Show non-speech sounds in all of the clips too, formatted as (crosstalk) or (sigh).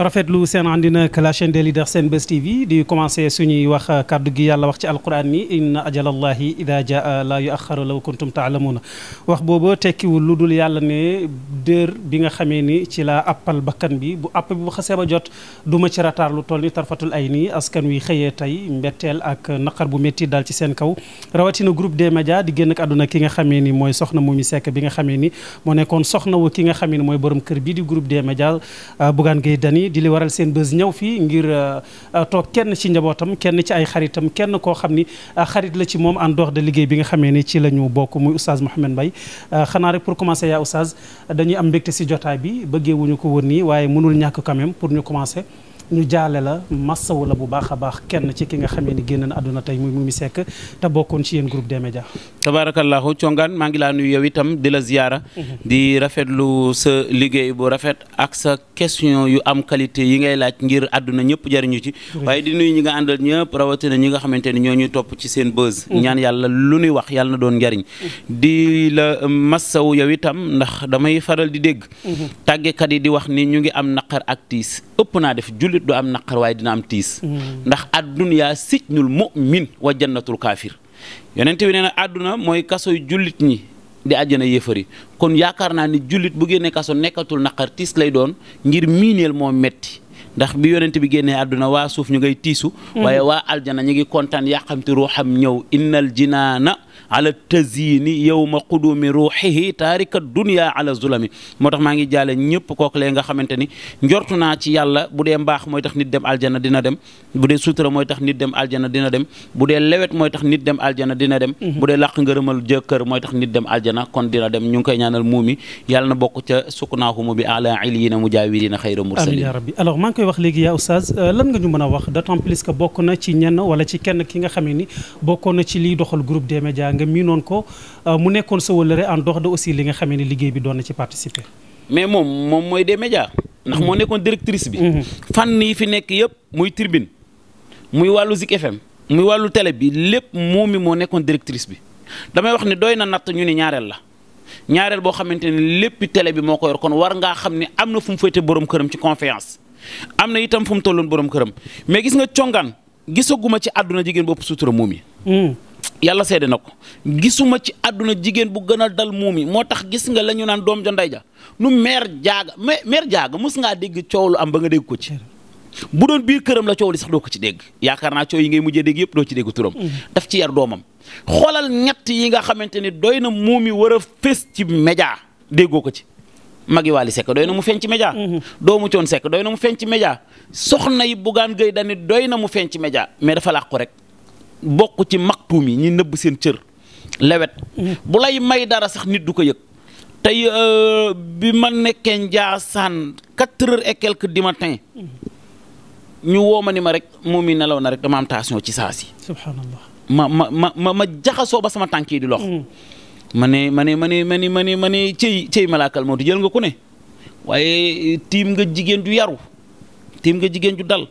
rafetlu seen àndin ak la chaîne des leaders Senbuzz TV di commencé suñuy wax kàddu gi yàlla wax ci alquran ni inna ajalallahi ida jaa la yuaxaru law kuntum taalamuuna wax booba tekkiwul lu dul yàlla ne dër bi nga xamee ni ci la appal bakkan bi bu app bi bu xasee ba jot du ma ci retard lu toll ni tarfatul ay nii askan wi xëyee tey mbetteel ak naqar bu métti dal ci seen kaw rawatina groupe des médias di génn ak àdduna ki nga xamee ni mooy soxna Momy Seck bi nga xamee ni moo nekkoon soxna wu ki nga xamee ni mooy borom kër bi di groupe des médias di li waral seen bés ñëw fii ngir euh, euh, toog kenn ci njabootam kenn ci ay xaritam kenn koo xam ni euh, xarit la ci moom en dehors de liggéey bi nga xamee ni ci la ñu bokk muy oustaz Mouhamed Mbaye xanaa rek pour commencer yaa oustaz dañuy am mbégte si jotaay bi bëggee wuñu ko woon nii waaye mënul ñàkk quand même pour ñu commencer ñu jaale la massawu la bu baax a baax kenn ci ki nga xamee ni génn na àdduna tey muy Mimi Seck te bokkoon ci yéen groupe des médias tabaarakallaahu congaan maa ngi laa nuyu yow itam di la ziyaara mhm. sa liggéey bu rafet ak sa question yu am qualité yi ngay laaj ngir àdduna ñëpp jariñu ci waaye di nuyu ñi nga àndal ñëpp rawatina ñi nga xamante ni ñoo ñuy topp ci seen buzz mhm. ñaan yàlla lu nuy wax yàlla na doon njariñ mhm. di la massawu yow itam ndax damay faral di dégg tàggekat yi di wax ni ñu ngi am naqar ak ëpp naa def julli jullit du am naqar waaye dina am tiis ndax adduniyaa sijnul mu'min wa jannatul kaafir yonente bi nee aduna mooy kasoy jullit ñi di àjjana yéefar kon yaakaar naa ni jullit bu génnee kaso nekkatul naqar tiis lay doon ngir miineel moo metti ndax bi yonent bi génnee àdduna waa suuf ñu ngay tiisu mm-hmm. waaye waa aljana ñu ngi kontaan yaa xamti ruuxam ñëw innal jinaana ala tazini yow ma qudumi moo tax maa ngi jaale ñëpp kooku lee nga xamante ni njortu naa ci yàlla bu dee mooy tax nit dem aljana dina dem bu dee sutura mooy tax nit dem aljana dina dem bu dee lewet mooy tax nit dem aljana dina dem mhm. bu dee làq ngërëmal jëkkër mooy tax nit dem aljana kon dina dem ñu ngi koy ñaanal muumi yàlla na bokk ca suknaahumu bi ala iliyina mujawirina xayra mursalin koy wax léegi yaa oustaz euh, lan nga ñu mën a wax d'autant plus que bokk na ci ñenn wala ci kenn ki nga xam ne ni bokkoon ci liy doxal groupe des médias nga miinoon ko euh, mu nekkoon sa wëllëre en dox de aussi li nga xamee ne liggéey bi doon na ci participer. mais moom moom mooy des médias ndax moo mhm. nekkoon directrice bi. Mhm. fànn yi fi nekk yëpp muy Tribune muy wàllu Zik FM muy wàllu télé bi lépp moom mi moo nekkoon directrice bi damay wax ne doy na natt ñu ne ñaareel la. ñaareel boo xamante ne lépp télé bi moo ko yor war ngaa xam ne am na fu mu féete borom këram ci confiance am na itam fu mu tolloon borom këram mais gis nga congaan gisaguma ci àdduna jigéen bopp sutura moom yi mhm. yàlla seede na ko gisuma ci àdduna jigéen bu gën a dal muumi moo tax gis nga la ñu naan doom jo ndey ja nu meer jaaga meer jaaga mës ngaa dégg coow lu am ba nga dégg ko ci bu doon biir këram la coow li sax doo ko ci dégg yaakaar naa coow yi ngay mujjee dégg yëpp doo ci dégg turam mm-hmm. def ci yar doomam xoolal ñett yi nga xamante ni doy na muumi war a fés ci média déggoo ko ci magi Wally Seck doy na mu feeñ ci média mm-hmm. doomu Thione Seck doy na mu feeñ ci média soxna yi Bougane Gueye Dany doy na mu feeñ ci média mais dafa làqu rek bokk ci maktuum yi ñu nëbb seen cër lewet bu lay may dara sax nit du ko yëg tey euh, bi ma nekkee Njaasaan quatre heures et quelques du matin ñu woo ma ni ma rek moom mi nelaw na rek dama am tension ci saa si subhanallah ma ma ma ma jaxasoo ba sama tànk di lox mm. ma ne ma ne ma ne ma ne ma ne ma ne cëy cëy malaakal moo jël nga ko ne waaye tiim nga jigéen ju yaru tiim nga jigéen ju dal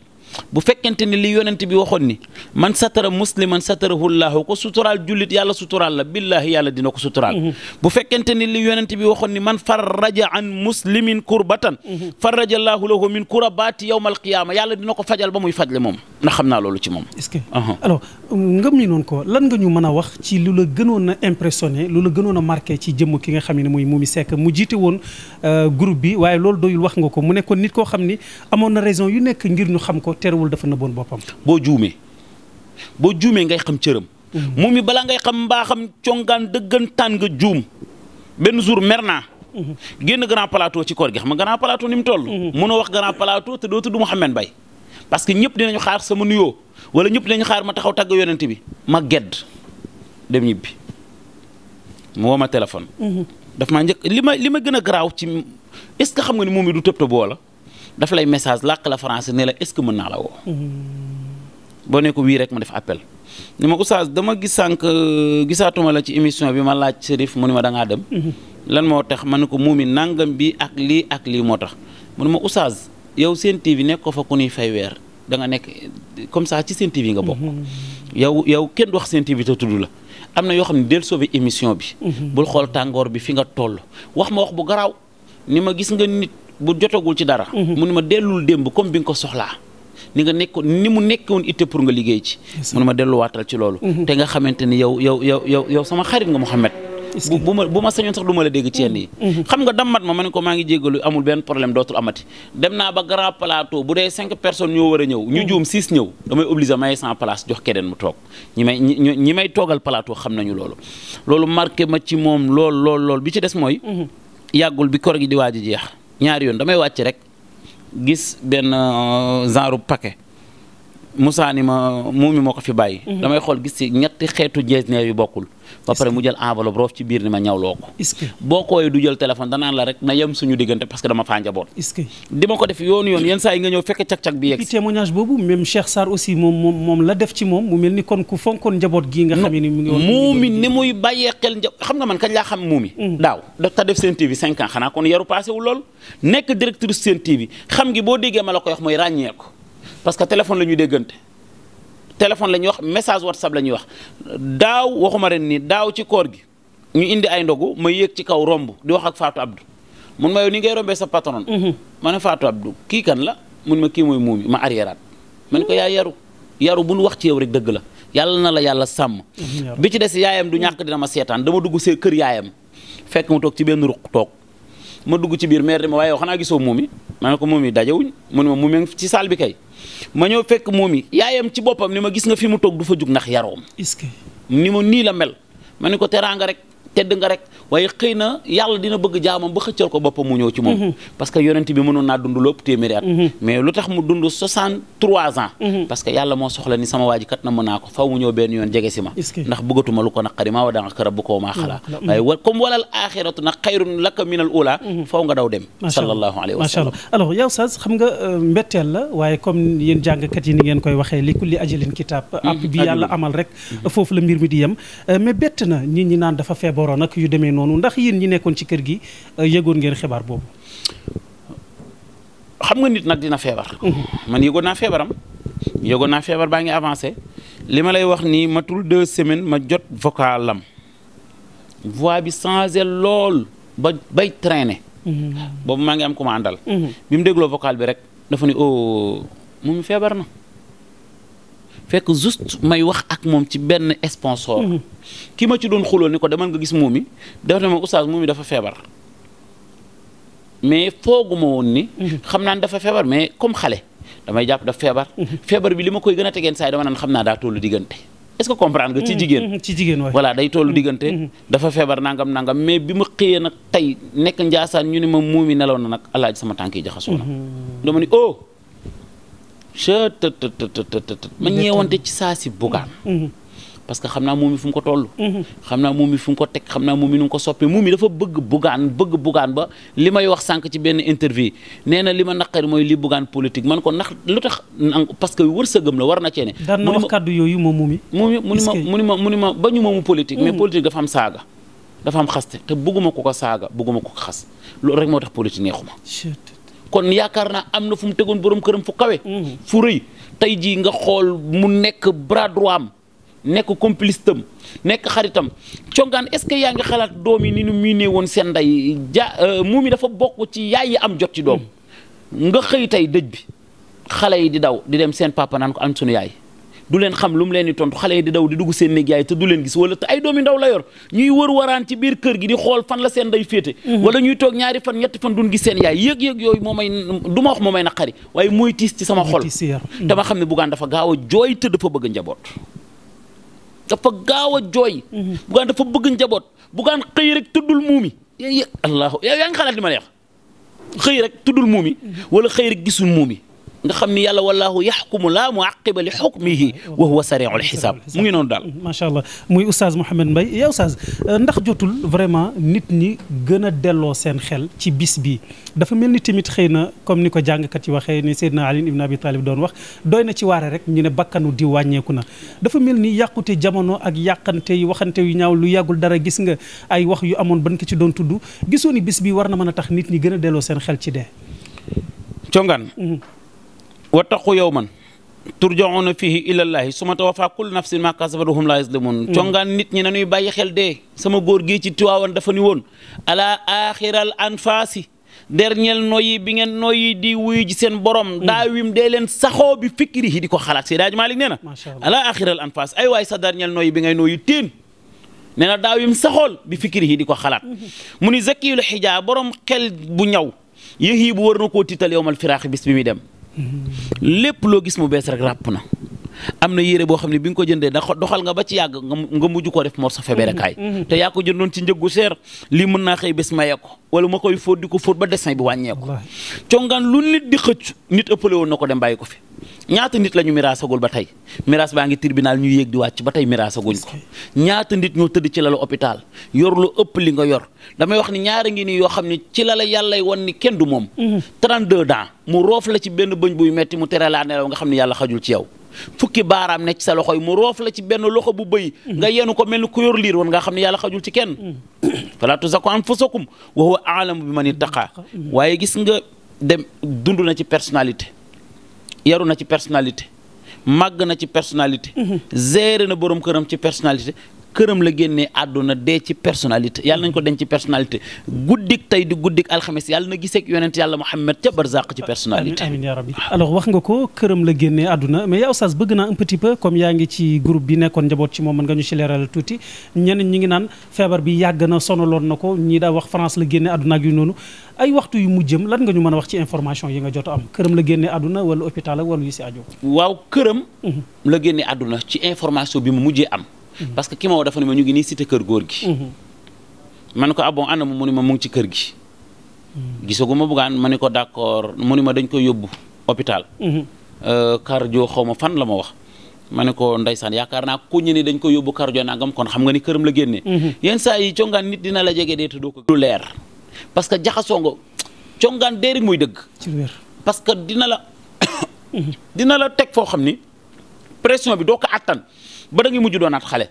bu fekkente ni li yonent bi waxoon ni man satara musliman satarahu llaahu ko suturaal jullit yàlla suturaal la billaahi yàlla dina ko suturaal mm-hmm. bu fekkente ni li yonent bi waxoon ni man farraja an muslimin kurbatan mm-hmm. farraja llaahu lahu min kurabaati yawma alqiyaama yàlla dina ko fajal ba muy fajle moom ndax xam naa loolu ci moom est-ce que uh-huh. alors nga mi noonu ko lan nga ñu mën a wax ci lu la gënoon a impressionné lu la gënoon a marqué ci jëmm ki nga xam ne mooy Momy Seck mu jiite woon euh, groupe bi waaye loolu doyul wax nga ko mu nekkoon nit koo xam ni amoon na raison yu nekk ngir ñu xam ko terewul dafa nëbboon boppam. boo juumee boo juumee ngay xam cëram. Mm-hmm. moom mi balaa ngay xam mbaaxam congaan dëggantaan nga juum benn jour mer naa. Mm-hmm. génn grand ci koor gi xam nga grand plateau ni mu toll. mënoo mm-hmm. wax grand plateau te doo tudd Mouhamed Mbaye que ñëpp dinañu xaar sama nuyoo wala ñëpp dinañu xaar ma taxaw tàgg yonent bi ma dem ñibbi mu woo téléphone. daf maa njëkk li ma li ma gën a garaaw ci est ce que xam nga ni moom mi du tëb tëb woo daf lay message làkk la français ne est-ce que mën naa la woo. boo ne ko wii rek mu def appel. ni ma oustaz dama gis sànq euh, gisaatuma la ci émission bi ma laaj Serif mu ni ma dangaa ngaa dem. Mhm. lan moo tax ma ne ko muumi nangam bi ak lii ak lii moo tax mu ne ma oustaz yow seen TV nekkoo ko fa ku ñuy fay weer da nga nekk comme ça ci seen TV nga bokk. Mhm. yow yow kenn du wax seen TV te tudd la. am na yoo xam ne del sauvé émission bi. Mhm. bul xool tàngoor bi fi nga toll. bu jotagul ci dara. Mhm. mu ne ma dellul démb comme bi nga ko soxlaa. ni nga nekkoon ni mu nekkoon itte pour nga liggéey ci. mu ne ma delluwaatal ci loolu. Mhm. te nga xamante ni yow yow yow yow yow sama xarit nga Mouhamed. bu bu ma bu ma sax du la dégg ci yenn yi. Mhm. xam nga dammat ma ma ne ko maa ngi jéggalu amul benn problème dootul amati. dem naa ba grand plateau bu dee cinq personnes ñoo war a ñëw. ñu juum six ñëw damay obligé may sans place jox keneen mu toog ñi a ñaari yoon damay wàcc rek gis benn euh, genre paquet Moussa ni ma muumi moo ko fi bàyyi. Mhm. damay xool gis ci ñetti xeetu jees yu bokkul. ba pare mu jël enveloppe roof ci biir ni ma ñawloo ko boo kooy du jël téléphone danaan la rek na yem suñu diggante parce que dama faa njaboot di ma ko def yoon yoon yenn saa yi nga ñëw fekk cag-cag bi yegg témoignage boobu même Cheikh Sarr aussi moom la def ci moom mu mel ni kon ku fonkoon njaboot gii nga xam ni mu ngi muumi ni muy bàyyee xel xam nga man kañ laa xam muumi mm. daaw ta def seen TV cinq ans xanaa kon yaru passé téléphone la ñuy wax message whatsapp la ñuy wax daaw waxuma ren nii daaw ci koor gi ñu indi ay ndogu ma yéeg ci kaw romb di wax ak Fatou Abdou mun ma yow ni ngay rombee sa patron. Mhm. ma ne Fatou Abdou kii kan la mun ma kii mooy muumi ma arriéraat ma ne ko yaa yaru yaru bu nu wax ci yow rek dëgg la yàlla na la yàlla sàmm. bi ci des yaayam du ñàkk dina ma seetaan dama dugg see kër yaayam fekk mu toog ci benn ruq toog. ma dugg ci biir maire di ma waaye yow xanaa gisoo muumi ma ne ko muumi dajewuñ mu ne ma muumi ci saal bi kay ma ñëw fekk muumi yaayam ci boppam ni ma gis nga fi mu toog du fa jug nax yaroom. est-ce ni ma nii la mel ma ne ko teraanga rek. tedd nga rek waaye xëy na yàlla dina bëgg jaamam ba xëccal ko boppam mu ñëw ci moom mhm. parce que yonent bi mënoon naa dund lépp téeméeri at mhm. mais lu tax mu dund soixante-trois ans mhm. parce que yàlla moo soxla ni sama waaji kat na mën naa ko faw mu ñëw benn yoon jege si ma ndax bëggatuma lu ko naqari maa wa danga kër bu koo maa xalaa waaye wa comme walal axiratu nag xayrun laka minal ula faw nga daw dem sallallahu alayhi wa sallam alors xam nga euh, mbetteel la waaye comme yéen jàngkat yi ni ngeen koy boro nag yu demee noonu ndax yéen ñi nekkoon ci kër gi euh, yëgoon ngeen xibaar boobu. xam nga nit nag dina feebar. Mm-hmm. man yëgoon naa feebaram yëgoon naa feebar baa ngi avancé li ma lay wax nii matul de semaines ma jot vocal am voix bi changé lool ba bay traîner. Mm-hmm. boobu maa ngi am ku ma mm-hmm. bi mu dégloo vocal bi rek dafa ni oh moom feebar na. fekk juste may wax ak moom ci benn sponsor. Mhm. ki ma ci doon xulool ni ko demal nga gis Momy def na ma oustaz Momy dafa feebar. mais fooguma woon ni. Mhm. xam naa ne dafa feebar mais comme xale damay jàpp daf feebar. Mhm. feebar bi li ma koy gën a tegeen saa yi dama naan xam naa daa tollu diggante. est-ce que comprendre nga ci jigéen. ci day tollu diggante. dafa feebar nangam nangam mais bi ma xëyee nag tey nekk njaasaan ñu ne ma Momy nelaw na nag allaaj sama tànk yi jaxasoo na. dama ni oh. chë të të të ma ñeewante ci saa si bugaan mhm. parce que xam naa moom mi ko toll mhm. xam naa moom mi ko teg xam naa moom mi ko soppee moom dafa bëgg bugaan ba li may wax sànq ci benn interview nee na li ma naqari mooy li bugaan politique man ko nax lu tax parce que wërsëgam la war na cee ne daan na wax ba ñu moomu politique mais mhm. politique dafa am saaga dafa xaste te bëgguma ko ko saaga bëgguma ko ko xas loolu rek moo tax politique neexuma kon yaakaar naa am na fu mu tegoon borom këram fu kawe. Mhm. fu rëy tey jii nga xool mu nekk bras droit am nekk complice tam nekk xaritam congaan est-ce que yaa ngi xalaat doom yi nu ñu miinee woon seen ndey ja euh, mu mi dafa bokk ci yaay yi am jot ci doom. Mhm. nga xëy tey dëj bi xale yi di daw di dem seen papa naan ko am sunu yaay. du leen xam lu mu leen di tontu xale yi di daw di dugg seen néeg yaay te du leen gis wala te ay doomi ndaw la yor ñuy wër waraan ci biir kër gi di xool fan la seen nday féete mhm. wala ñuy toog ñaari fan ñetti fan duñ gis seen yaay yëg-yëg yooyu moo may du ma wax moo may naqari waaye muy tiis ci sama xol mhm. dama xam ne buggaan dafa gaaw a jooy te dafa bëgg njaboot dafa gaaw a jooy mhm. buggaan dafa bëgg njaboot buggaan xëy rek tuddul muumi allahu yaa ngi xalaat li ma lay wax xëy rek tuddul muumi wala xëy rek gisul muumi nga xam ni yàlla wallaahu yaxkumu laa muaqiba li xukmihi wa huwa sariul xisaab mu ngi noonu daal. macha allah muy oustaz Mouhamed Mbaye yow oustaz euh, ndax jotul vraiment nit ñi gën a delloo seen xel ci bis bi dafa mel ni tamit xëy na comme ni ko jàngkat yi waxee ni na Ali ibn Abi Talib doon wax doy na ci waare rek ñu ne bakkanu di wàññeeku na. dafa mel ni yàqute jamono ak yàqante yi waxante yu ñaaw lu yàggul dara gis nga ay wax yu amoon ban ko ci doon tudd gisoo ni bis bi war na mën a tax nit ñi gën a delloo seen xel ci dee. wattaqu yawman turjauna fihi ilallahi suma tawaffa kullu nafsin ma kasabat hum la yazlamun mm. congaan nit ñi nañuy bàyyi xel dee sama góor gi ci Tiwaawan dafa ni woon ala axiral anfaasi dernier noyyi bi ngeen noyyi di wuyu ji seen borom mm. daawim dee leen saxoo bi fikri yi di ko xalaat si daaj Malick nee na ala axiral anfaas ay waay sa dernier noyyi bi ngay noyyi teen nee na daawim saxool bi fikri yi di ko xalaat mm-hmm. mu ni zakiyul xijaa borom xel bu ñaw yéhi bu war na koo tiital firaax bis bi muy dem lépp loo gis mu bees rek ràpp na am na yére boo xam ne bi nga ko jëndee da doxal nga ba ci yàgg nga mujj ko def morso feberekaay mm-hmm. mm-hmm. te yaa ko jëndoon ci njëggu seer li mën naa xëy bés maye ko wala ma koy fóot di ko fóot ba dessin bi wàññeeku congaan lu nit di xëcc nit ëppale woon na ko dem bàyyi ko fi ñaata nit la ñu miraasagul ba tey miraas baa ngi tribunal ñu yéeg di wàcc ba tey miraasaguñ ko ñaata nit ñoo tëdd ci lalu hôpital yor lu ëpp li nga yor damay wax ni ñaari ngi nii yoo xam ne ci la la yàllay wan ni kenn du moom. 32 mm-hmm. ans mu roof la ci benn bëñ buy metti mu tere laa nelaw nga xam ne yàlla xajul ci yow. fukki baaraam nekk sa loxo yi mu roof la ci benn loxo bu bëy mm-hmm. nga yenu ko mel ni ku yor liir woon nga xam ne yàlla xajul ci kenn mm-hmm. falaa tuzaku anfusakum wa huwa a'lamu bi man ittaqa waaye gis nga dem dund na ci personnalité yaru na ci personnalité màgg na ci personnalité. Mhm. gérer na borom këram ci personnalité këram la génnee àdduna dee ci personnalité yàlla nañ ko denc ci personnalité guddik tey di guddik alxames yàlla na gisee ak yonent yàlla Muhammad ca barzaq ci personnalité. amiin yaa rabbi alors wax nga ko këram la génnee àdduna mais yaa oustaz bëgg naa un petit comme yaa ngi ci groupe bi nekkoon njaboot ci moom mën nga ñu ci leeral tuuti ñeneen ngi naan feebar bi yàgg na sonaloon na ko ñii daa wax France la génnee àdduna ak yu noonu ay waxtu yu mujjëm lan nga ñu mën a wax ci information yi nga jot am këram la génnee àdduna wala hôpital ak wala yu si aju. waaw këram. Mhm. la génnee àdduna ci information bi mu mujjee am Mm-hmm. parce que ki ma woo dafa ne ma ñu ngi nii cité kër góor gi. Mm-hmm. man ko abon ah, ànd mu ne ma mu ngi ci kër gi. Mm-hmm. gisagu ma bugaan ma ko d'accord mu ne ma dañ koy yóbbu euh, la ma wax. ma ko ndaysaan yaakaar naa ku ñu ne dañ ko yóbbu cardio nangam kon xam nga ni këram la génnee. yenn saa yi congaan nit dina la jege dee te doo ko. lu leer parce que jaxasoo nga congaan déeri muy dëgg. parce que dina la. (coughs) dina la teg foo xam ni pression bi doo ko attan. ba da ngay mujj doonaat xale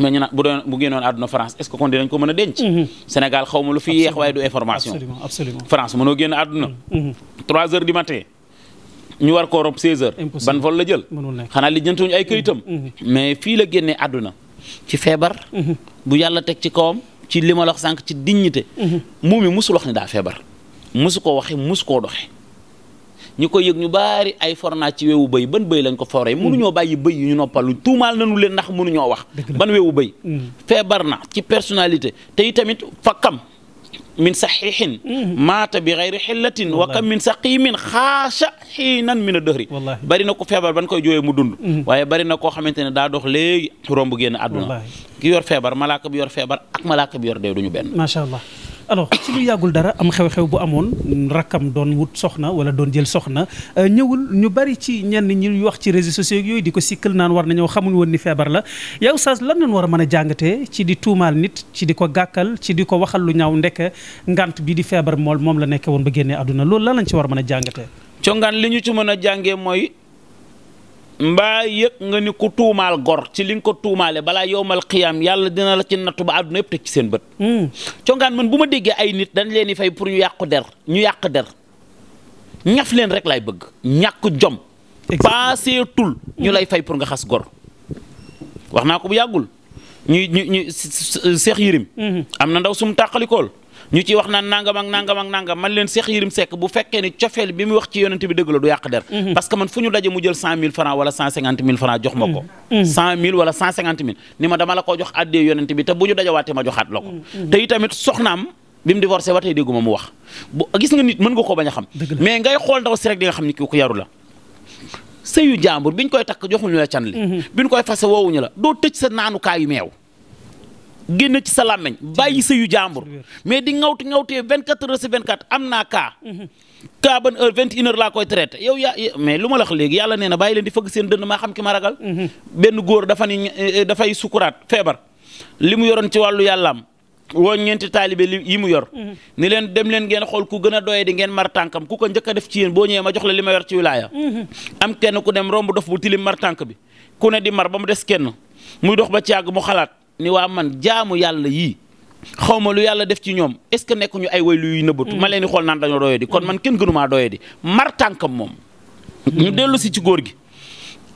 mais ñu naan bu doon bu génnoon àdduna France est-ce que kon dinañ ko mën a denc mm-hmm. Sénégal xaw ma lu fi yeex waaye du information absolument France mënoo génn àdduna mm-hmm. trois heures du matin ñu war koo rob seize heures ban vol la jël xanaa li jëntuñu ay këyitam mm-hmm. mais fii la génnee àdduna ci feebar bu yàlla teg ci kawam ci li ma la sànq ci dignité moom mi musul wax ne daa feebar musu koo waxe musu koo doxe ñu koy yëg ñu baari ay forna ci weewu bëy ban bëy lañ ko foree mënuñoo mm. bàyyi bëy yu ñu noppalu tuumaal nañu leen ndax mënuñoo wax ban weewu bay mm. feebar na ci personnalité te itamit fakkam min saxiixin mm. maata bi xayri xillatin wa kam min saqiimin xaasa xiinan min a dëhri bari na ko feebar ban koy jooyee mu dund waaye bari na koo xamante ne daa dox léegi romb génn àdduna ki yor feebar malaaka bi yor feebar ak malaaka bi yor dee duñu benn macha allah alors ci lu yàggul dara am xew-xew bu amoon rakkam doon wut soxna wala doon jël soxna euh, ñëwul ñu bari ci ñenn ñi wax ci réseaux sociaux yooyu di ko sikkal naan war na ñëw xamuñ woon ni feebar la yow Oustaz lan lañ war a mën a jàngatee ci di tuumaal nit ci di ko gàkkal ci di ko waxal lu ñaaw ndekk ngant bi di feebar mool moom la nekkee woon ba génnee àdduna loolu lan lañ ci war a mën a jàngatee. congaan li ñu ci mën a jàngee mooy mbaa yëg nga ni ku tuumaal gor ci li ko tuumaale balaa yowmal qiyaam yàlla dina la ci nattu ba àdduna yëpp teg seen bët. Hmm. congaan man bu ma déggee ay nit dañ leen di fay pour ñu yàqu der ñu yàq der ñaf leen rek lay bëgg ñàkk jom. paaseetul ñu lay fay pour nga xas gor. wax naa ko bu yàggul ñu ñu Seex Yirim. Hmm. am na ndaw sum tàqalikool ñu ci wax naan nangam ak nanga ak nangam man leen Cheikh Yérim Seck bu fekkee ni cofeel bi mu wax ci yonent bi dëgg la du yàq der mhm. parce que man fu ñu daje mu jël cent mille francs wala cent mille ko mhm. Mhm. cent mille ni ma dama la koo jox addee yonent bi te bu ñu dajawaatee ma joxaat la ko te itamit soxnaam bi mu divorcé ba dégguma mu wax gis nga nit mën nga koo bañ a xam mais ngay xool ndaw si di nga xam ni kooku yaru la sëyu jàmbur biñ koy takk joxuñu la can la doo tëj génn ci sa làmmeñ bàyyi sëyu jàmbur mais di ngawti ngawtee vingt quatre heures si vingt quatre am naa cas mhm. cas ban heure vingt une heure laa koy traité yow yaa mais lu ma la wax léegi yàlla nee na bàyyi leen di fëgg seen dënd maa xam ki ma ragal mhm. benn góor dafa ni eh, dafay sukuraat feebar li mu yoroon ci wàllu yàllaam woo ñeenti taalibe yi mu yor mhm. ni leen dem leen ngeen xool ku gën a doye di ngeen mar ku ko njëkk def ci yéen boo ñëwee ma jox la li ma yor ci wilaaya am kenn ku dem romb dof bi ku di mar ba mu des kenn muy dox ci yàgg mu xalaat ni waa man jaamu yàlla yii xaw ma lu yàlla def ci ñoom est ce que nekkuñu ay way luy nëbbatu ma leen di xool naan dañoo di kon man kenn gënumaa doyoo di si ci góor gi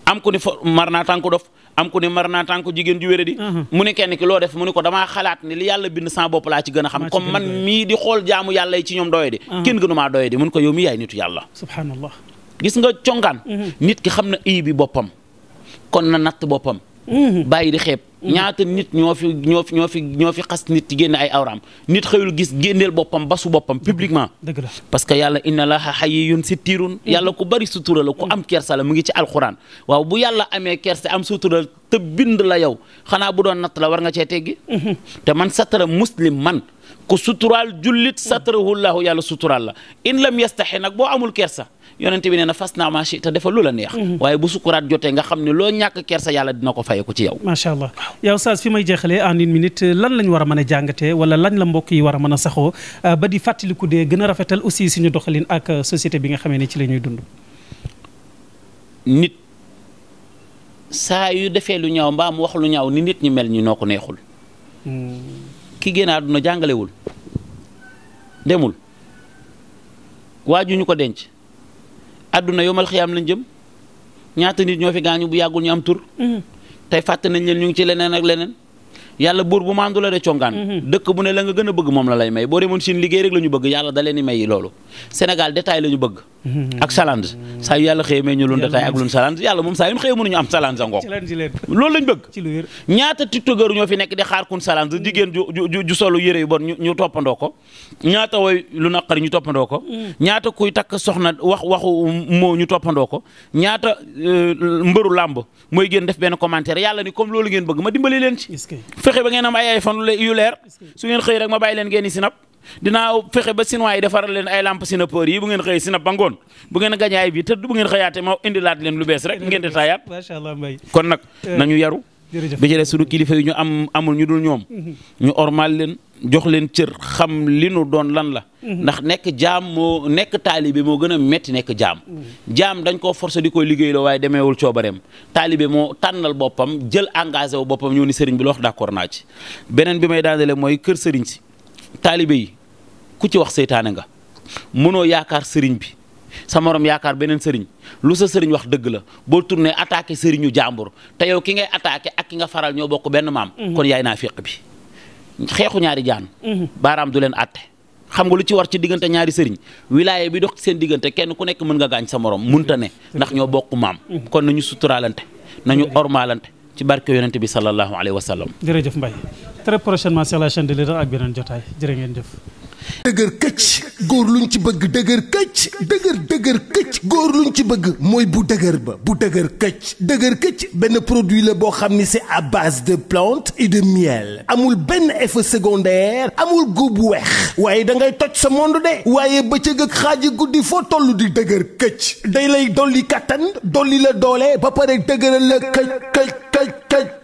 am ku ne fa mar naa tànku dof am ku ne mar naa tànku jigéen ju wéré di mu ne kenn ki loo def mu ne ko damaa xalaat ni li yàlla bind sans bopp laa ci gën a xam comme man mii di xool jaamu yàlla yi ci ñoom doyoo di kenn gënumaa doyoo di mun ko yow mi yaay nitu yàlla gis nga congaan nit ki xam na ii bi boppam kon na natt boppam bàyyi di xeeb Mm-hmm. ñaata nit ñoo fi ñoo ñoo ñoo fi xas nit ci génne ay awraam nit xëyul gis génneel boppam basu boppam publiquement mm-hmm. dëgg la parce que yàlla inna laaha hayyun sittirun mm-hmm. yàlla ku bari sutura la ku am kersa la mu ngi ci alxuraan waaw bu yàlla amee kersa am sutura te bind la yow xanaa bu doon natt la war nga cee teggi te man satara muslim man ku suturaal jullit satarahu llahu yàlla suturaal la in lam yastaxi nag boo amul kersa yonente bi nee na fas naa ma shi te defal lu la neex mhm. waaye bu sukuraat jotee nga xam ne loo ñàkk kersa yàlla dina ko fayeku ci yow macha allah yow Oustaz fi may jeexalee en une minute lan lañ war a mën a jàngatee wala lañ la mbokk yi war a mën a saxoo euh, ba di fàttaliku dee gën a rafetal aussi suñu doxalin ak euh, société bi nga xamee ne ci la ñuy dund nit saa yu defee lu ñaaw mbaa mu lu ñaaw ni nit ñi mel ñi noo ko neexul hmm. ki génn àdduna jàngalewul demul waaju ñu ko denc àdduna yomal xiyaam lañ jëm ñaata nit ñoo fi gaañu bu yàggul ñu am tur mhm. tey fàtte nañ leen ñu ngi ci leneen ak leneen yàlla buur bu maandu la de congaan mhm. dëkk bu ne la nga gën a bëgg moom la lay may boo demoon Chine liggéey rek la ñu bëgg yàlla da leen di may loolu Sénégal détail la bëgg Mm-hmm. ak challenge saa yu yàlla xëy may ñu lun dataay ak lun challenge yàlla moom saa yu xëy mënuñu am challenge a ngoog loolu lañ bëgg ñaata tiktokeur ñoo fi nekk di xaar kun challenge jigéen ju ju solo yére yu bon ñu toppandoo ko ñaata woy lu naqari ñu toppandoo ko mm. ñaata kuy takk soxna wax waxu moo ñu toppandoo ko ñaata euh, mbëru làmb mooy génn def benn commentaire yàlla ni comme loolu ngeen bëgg ma dimbali leen ci fexe ba ngeen am ay iPhone yu leer su ngeen xëy dinaa fexe ba chinois yi defaral leen ay làmp lampe sinapeur yi bu ngeen xëyee sinap ba ngoon bu ngeen gañe bi te bu ngeen xëyaate ma indilaat leen lu bees rek ngeen di taayaat macha allah mbay kon nag euh, nañu yaru bi ci des suñu kilifa yi ñu am amul ñu dul ñoom mhm. ñu ormal leen jox leen cër xam li nu doon lan la mhm. ndax nekk jaam moo nekk taalibe moo gën a metti nekk jaam mhm. jaam dañ koo forcé di koy liggéey la waaye demeewul coobareem taalibe moo tànnal boppam jël engagé wu boppam ñëw ni sëriñ bi la wax d'accord naa ci beneen bi may daanale mooy kër sëriñ si taalibe yi ku ci wax seytaane nga mënoo yaakaar sëriñ bi sa morom yaakaar beneen sëriñ lu sa sëriñ wax dëgg la boo tourné attaqué sëriñu jàmbur te yow ki ngay attaqué ak ki nga faral ñoo bokk benn maam. Mhm. kon yaay naa féq bi xeexu ñaari jaan. Mhm. baaraam du leen àtte. xam nga lu ci war ci diggante ñaari sëriñ wilaaye bi dox seen diggante kenn ku nekk mën nga gaañ sa morom munta ne ndax ñoo bokk maam. Mhm. kon nañu suturaalante nañu ormaalante ci barke yonente bi sallallahu alayhi wa très prochainement sur la chaîne de leader ak beneen jotaay jërë ngeen jëf. dëgër këcc góor luñ ci bëgg dëgër këcc dëgër dëgër këcc góor luñ ci bëgg mooy bu dëgër ba bu dëgër këcc dëgër këcc benn produit la boo xam ni c'est à base de plantes et de miel amul benn effet secondaire amul góob bu weex waaye da ngay toj sa monde de waaye bëccëg ak xaaji guddi foo toll di dëgër këcc day lay dolli kattan dolli la doole ba pare dëgëral la këcc këcc këcc këcc